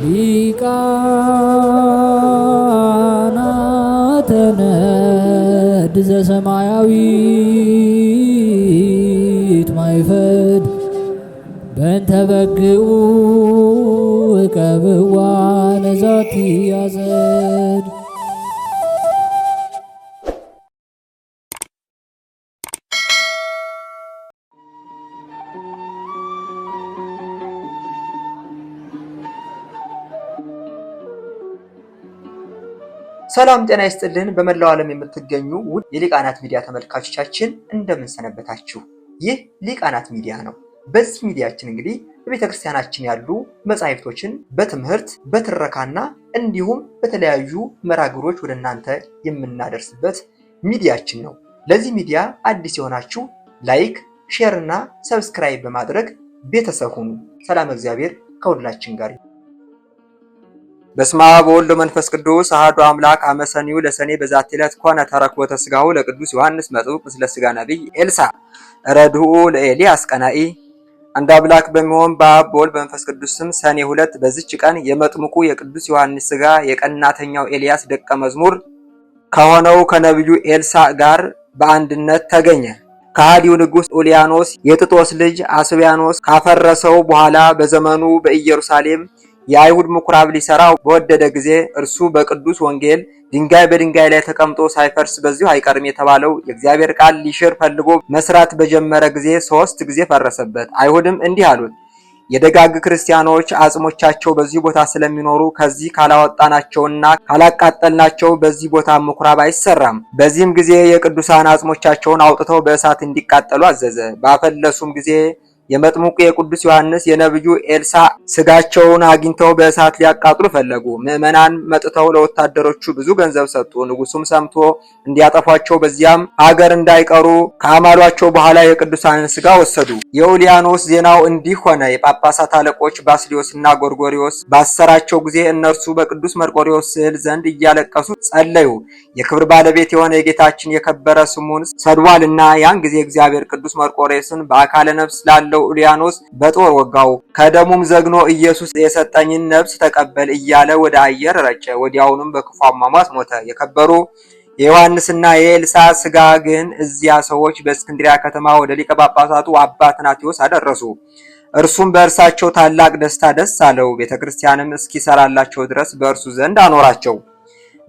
ሊቃናተ ነድ ዘሰማያዊት ማይፈድ በእንተ በግዑ እቀብዋ ነዛቲ ያዘን ሰላም ጤና ይስጥልን። በመላው ዓለም የምትገኙ ውድ የሊቃናት ሚዲያ ተመልካቾቻችን እንደምንሰነበታችሁ። ይህ ሊቃናት ሚዲያ ነው። በዚህ ሚዲያችን እንግዲህ በቤተ ክርስቲያናችን ያሉ መጻሕፍቶችን በትምህርት በትረካና እንዲሁም በተለያዩ መራግሮች ወደ እናንተ የምናደርስበት ሚዲያችን ነው። ለዚህ ሚዲያ አዲስ የሆናችሁ ላይክ፣ ሼር እና ሰብስክራይብ በማድረግ ቤተሰብ ሁኑ። ሰላም እግዚአብሔር ከሁላችን ጋር በስማ በወልድ መንፈስ ቅዱስ አህዶ አምላክ አመሰኒው ለሰኔ በዛቲ ዕለት ኮነ ተረክቦተ ስጋው ለቅዱስ ዮሐንስ መጥምቅ ምስለ ስጋ ነቢይ ኤልሳ ረድኡ ለኤልያስ ቀናኢ አንድ አምላክ በሚሆን በአብ በወልድ በመንፈስ ቅዱስ ስም ሰኔ ሁለት በዚች ቀን የመጥምቁ የቅዱስ ዮሐንስ ስጋ የቀናተኛው ኤልያስ ደቀ መዝሙር ከሆነው ከነቢዩ ኤልሳ ጋር በአንድነት ተገኘ። ከሃዲው ንጉሥ ኡልያኖስ የጥጦስ ልጅ አስቢያኖስ ካፈረሰው በኋላ በዘመኑ በኢየሩሳሌም የአይሁድ ምኩራብ ሊሰራ በወደደ ጊዜ እርሱ በቅዱስ ወንጌል ድንጋይ በድንጋይ ላይ ተቀምጦ ሳይፈርስ በዚሁ አይቀርም የተባለው የእግዚአብሔር ቃል ሊሽር ፈልጎ መስራት በጀመረ ጊዜ ሶስት ጊዜ ፈረሰበት። አይሁድም እንዲህ አሉት፣ የደጋግ ክርስቲያኖች አጽሞቻቸው በዚህ ቦታ ስለሚኖሩ ከዚህ ካላወጣናቸውና ካላቃጠልናቸው በዚህ ቦታ ምኩራብ አይሰራም። በዚህም ጊዜ የቅዱሳን አጽሞቻቸውን አውጥተው በእሳት እንዲቃጠሉ አዘዘ። ባፈለሱም ጊዜ የመጥምቁ የቅዱስ ዮሐንስ የነብዩ ኤልሳ ስጋቸውን አግኝተው በእሳት ሊያቃጥሉ ፈለጉ። ምዕመናን መጥተው ለወታደሮቹ ብዙ ገንዘብ ሰጡ። ንጉሱም ሰምቶ እንዲያጠፏቸው በዚያም አገር እንዳይቀሩ ከአማሏቸው በኋላ የቅዱሳንን ስጋ ወሰዱ። የኡሊያኖስ ዜናው እንዲህ ሆነ። የጳጳሳት አለቆች ባስሊዮስና ጎርጎሪዎስ ባሰራቸው ጊዜ እነርሱ በቅዱስ መርቆሪዎስ ስዕል ዘንድ እያለቀሱ ጸለዩ። የክብር ባለቤት የሆነ የጌታችን የከበረ ስሙን ሰድዋልና ያን ጊዜ እግዚአብሔር ቅዱስ መርቆሬስን በአካለ ነፍስ ላለው የነበረው ኡዲያኖስ በጦር ወጋው። ከደሙም ዘግኖ ኢየሱስ የሰጠኝን ነፍስ ተቀበል እያለ ወደ አየር ረጨ። ወዲያውኑም በክፉ አሟሟት ሞተ። የከበሩ የዮሐንስና የኤልሳ ስጋ ግን እዚያ ሰዎች በእስክንድሪያ ከተማ ወደ ሊቀ ጳጳሳቱ አባ ትናቴዎስ አደረሱ። እርሱም በእርሳቸው ታላቅ ደስታ ደስ አለው። ቤተ ክርስቲያንም እስኪሰራላቸው ድረስ በእርሱ ዘንድ አኖራቸው።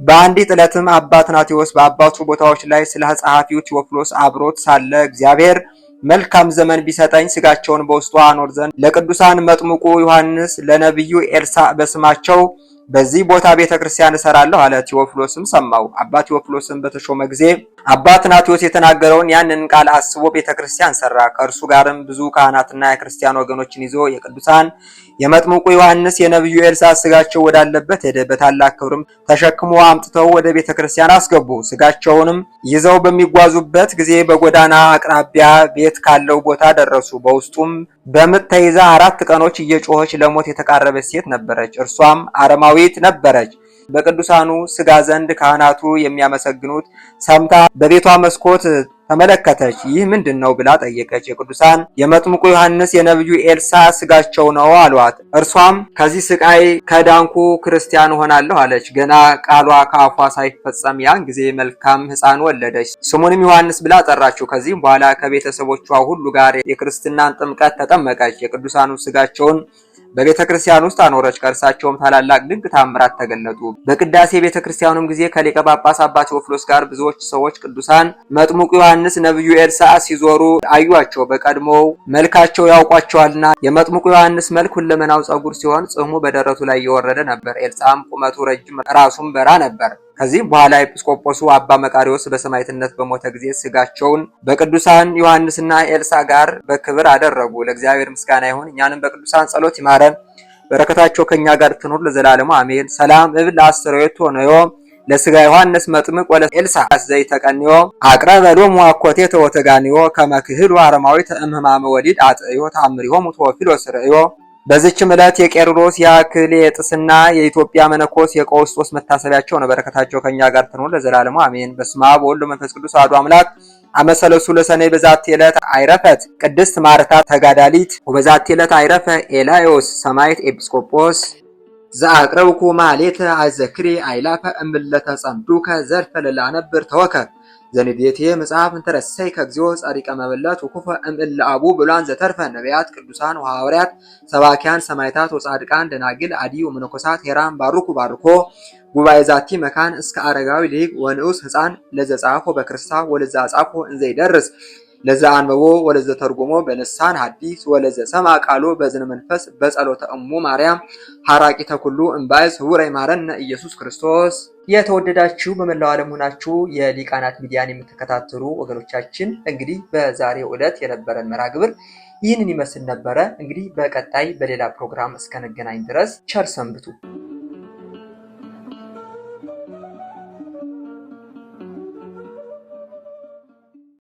በአንዲት ዕለትም አባ ትናቴዎስ በአባቱ ቦታዎች ላይ ስለ ጸሐፊው ቴዎፍሎስ አብሮት ሳለ እግዚአብሔር መልካም ዘመን ቢሰጠኝ ስጋቸውን በውስጡ አኖር ዘንድ ለቅዱሳን መጥምቁ ዮሐንስ ለነቢዩ ኤልሳ በስማቸው በዚህ ቦታ ቤተ ክርስቲያን እሰራለሁ አለ። ቴዎፍሎስም ሰማው። አባ ቴዎፍሎስም በተሾመ ጊዜ አባ ትናቴዎስ የተናገረውን ያንን ቃል አስቦ ቤተ ክርስቲያን ሰራ። ከእርሱ ጋርም ብዙ ካህናትና የክርስቲያን ወገኖችን ይዞ የቅዱሳን የመጥምቁ ዮሐንስ፣ የነቢዩ ኤልሳ ስጋቸው ወዳለበት ሄደ። በታላቅ ክብርም ተሸክሞ አምጥተው ወደ ቤተ ክርስቲያን አስገቡ። ስጋቸውንም ይዘው በሚጓዙበት ጊዜ በጎዳና አቅራቢያ ቤት ካለው ቦታ ደረሱ። በውስጡም በምጥ ተይዛ አራት ቀኖች እየጮኸች ለሞት የተቃረበች ሴት ነበረች። እርሷም አረማዊት ነበረች። በቅዱሳኑ ስጋ ዘንድ ካህናቱ የሚያመሰግኑት ሰምታ በቤቷ መስኮት ተመለከተች። ይህ ምንድን ነው ብላ ጠየቀች። የቅዱሳን የመጥምቁ ዮሐንስ የነብዩ ኤልሳ ስጋቸው ነው አሏት። እርሷም ከዚህ ስቃይ ከዳንኩ ክርስቲያን ሆናለሁ አለች። ገና ቃሏ ከአፏ ሳይፈጸም ያን ጊዜ መልካም ሕፃን ወለደች። ስሙንም ዮሐንስ ብላ ጠራችው። ከዚህም በኋላ ከቤተሰቦቿ ሁሉ ጋር የክርስትናን ጥምቀት ተጠመቀች። የቅዱሳኑ ስጋቸውን በቤተ ክርስቲያን ውስጥ አኖረች። ከእርሳቸውም ታላላቅ ድንቅ ታምራት ተገለጡ። በቅዳሴ ቤተ ክርስቲያኑም ጊዜ ከሊቀ ጳጳስ አባ ቴዎፍሎስ ጋር ብዙዎች ሰዎች ቅዱሳን መጥሙቁ ዮሐንስ፣ ነቢዩ ኤልሳ ሲዞሩ አዩአቸው። በቀድሞው መልካቸው ያውቋቸዋልና። የመጥሙቁ ዮሐንስ መልክ ሁለመናው ጸጉር ሲሆን ጽሕሙ በደረቱ ላይ እየወረደ ነበር። ኤልሳም ቁመቱ ረጅም ራሱም በራ ነበር። ከዚህም በኋላ ኤጲስቆጶሱ አባ መቃሪዎስ በሰማዕትነት በሞተ ጊዜ ስጋቸውን በቅዱሳን ዮሐንስና ኤልሳ ጋር በክብር አደረጉ። ለእግዚአብሔር ምስጋና ይሁን፣ እኛንም በቅዱሳን ጸሎት ይማረን፣ በረከታቸው ከእኛ ጋር ትኑር ለዘላለሙ አሜን። ሰላም እብል ለአስተርእዮቱ ሆነዮ ለስጋ ዮሐንስ መጥምቅ ወለ ኤልሳ ዘይተቀንዮ አቅረበ ሎሙ አኮቴተ ወተጋንዮ ከመ አረማዊ ተእምህማመ ወሊድ አጥዮ ታምሪሆሙ ተወፊሎ ስርእዮ በዚችም ዕለት የቄርሎስ የጥስና የኢትዮጵያ መነኮስ የቆስጦስ መታሰቢያቸው ነው። በረከታቸው ከኛ ጋር ትኑር ለዘላለሙ አሜን። በስመ አብ ወወልድ ወመንፈስ ቅዱስ አሐዱ አምላክ አመሰለሱ ለሰኔ በዛት ዕለት አይረፈት ቅድስት ማርታ ተጋዳሊት ወበዛት ዕለት አይረፈ ኤላዮስ ሰማይት ኤጲስቆጶስ ዘአቅረብኩ ማሌተ አዘክሪ አይላፈ እምለተ እምለተጸምዱከ ዘርፈ ልላነብር ተወከ ዘንዴቴ መጽሐፍ እንተረሰይ ከእግዚኦ ጻድቀ መበለት ወኩፈ እምእለ አቡ ብሏን ዘተርፈ ነቢያት ቅዱሳን ወሐዋርያት ሰባኪያን ሰማይታት ወጻድቃን ደናግል አዲ ወመነኮሳት ሄራን ባርኩ ባርኮ ጉባኤ ዛቲ መካን እስከ አረጋዊ ሊግ ወንዑስ ህፃን ለዘጻፎ በክርስታ ወለዛ ጻፎ እንዘይደርስ ለዛ አንበቦ ወለዘ ተርጎሞ በልሳን ሐዲስ ወለዘ ሰማ ቃሎ በዝነ መንፈስ በጸሎተ እሙ ማርያም ሐራቂ ተኩሉ እምባይዝ ህውራይ ማረነ ኢየሱስ ክርስቶስ። የተወደዳችሁ በመላው ዓለም ሆናችሁ የሊቃናት ሚዲያን የምትከታተሉ ወገኖቻችን እንግዲህ በዛሬው ዕለት የነበረን መርሃ ግብር ይህንን ይመስል ነበረ። እንግዲህ በቀጣይ በሌላ ፕሮግራም እስከነገናኝ ድረስ ቸር ሰንብቱ።